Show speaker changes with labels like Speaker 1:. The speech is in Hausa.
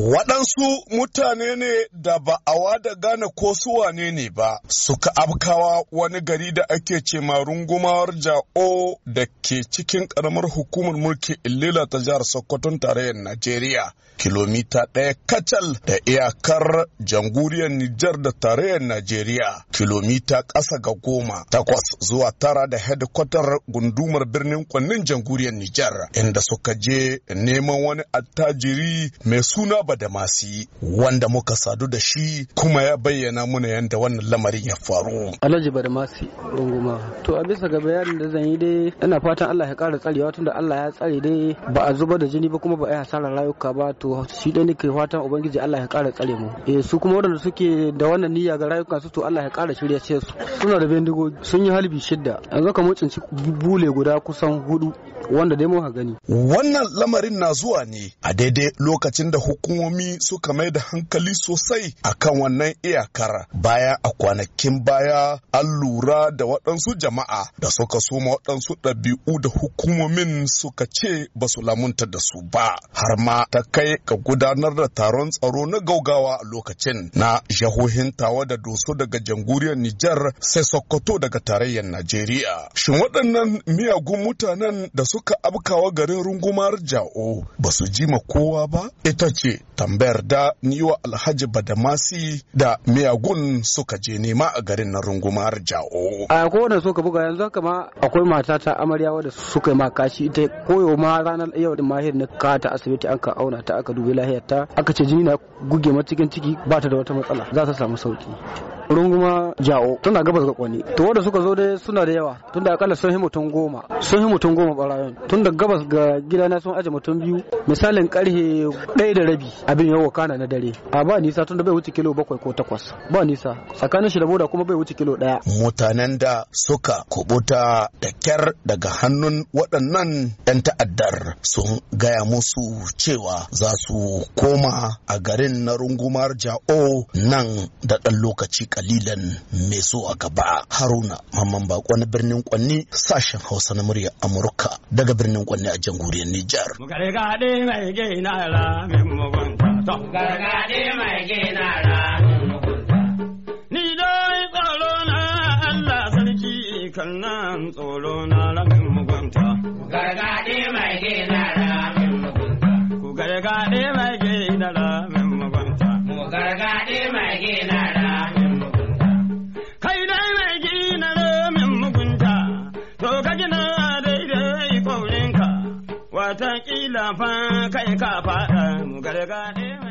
Speaker 1: Waɗansu mutane ne da ba a wada gane ko su wane ne ba suka abkawa wani gari da ake ce rungumawar ja'o da ke cikin ƙaramar hukumar mulki illila ta jihar Sokoton tarayyar Najeriya. Kilomita ɗaya kacal da iyakar janguriyar Nijar da tarayyar Najeriya. Kilomita ƙasa ga goma takwas zuwa tara da hedikwatar gundumar birnin kwannin janguriyar Nijar inda suka je neman wani attajiri mai suna baba da masi wanda muka sadu da shi kuma ya bayyana muna yadda wannan lamarin ya
Speaker 2: faru. Alhaji Badamasi Runguma. To a bisa ga bayanin da zan yi dai ina fatan Allah ya ƙara tsarewa tunda Allah ya tsare dai ba a zubar da jini ba kuma ba a yi hasarar rayuka ba to shi dai nake fatan ubangiji Allah ya ƙara tsare mu. Eh su kuma waɗanda suke da wannan niyya ga rayuka su to Allah ya ƙara shirya ce su. Suna da bindigogi sun yi halbi shidda yanzu ka cinci bule guda kusan hudu wanda dai muka gani
Speaker 1: wannan lamarin na zuwa ne a daidai lokacin da hukumomi suka mai da hankali sosai a kan wannan iyakar baya a kwanakin baya an lura da waɗansu jama'a da suka soma waɗansu ɗabi'u da hukumomin suka ce ba su lamunta da su ba har ma ta kai ka gudanar da taron tsaro na gaugawa a lokacin na jahohin tawa da doso daga jamhuriyar Nijar sai Sokoto daga tarayyar Najeriya. Shin waɗannan miyagun mutanen da su suka abkawa garin rungumar ja'o ba su ji ma kowa ba ita ce tambayar da ni alhaji badamasi da miyagun suka je nema a garin na rungumar ja'o
Speaker 2: a kowane suka buga yanzu haka ma akwai mata ta amarya wadda suka ma kashi ita koyo ma ranar yau da mahir na kata asibiti an ka auna ta aka dubi lahiyar ta aka ce jini na guge ma cikin ciki ba ta da wata matsala za ta samu sauki runguma jawo tana gabas ga kwani to wanda suka zo dai suna da yawa tunda akalla sun yi mutum goma sun yi mutum goma barayon tunda gabas ga gidana sun aje mutum biyu misalin karhe ɗaya da rabi abin yawa kana na dare a ba nisa tunda bai wuce kilo bakwai ko takwas ba nisa tsakanin shi da boda kuma bai wuce kilo ɗaya.
Speaker 1: mutanen da suka kubuta da kyar daga hannun waɗannan 'yan ta'addar sun gaya musu cewa za su koma a garin na rungumar ja'o nan da ɗan lokaci kalilan mai so a gaba haruna mamman bako na birnin kwanni sashen hausa na murya amurka daga birnin kwanni a jamhuriyar nijar
Speaker 2: Ni tsoro na Allah sarki kan nan tsoro na lamin mugunta. wataƙila fa kai ka faɗa gargaɗe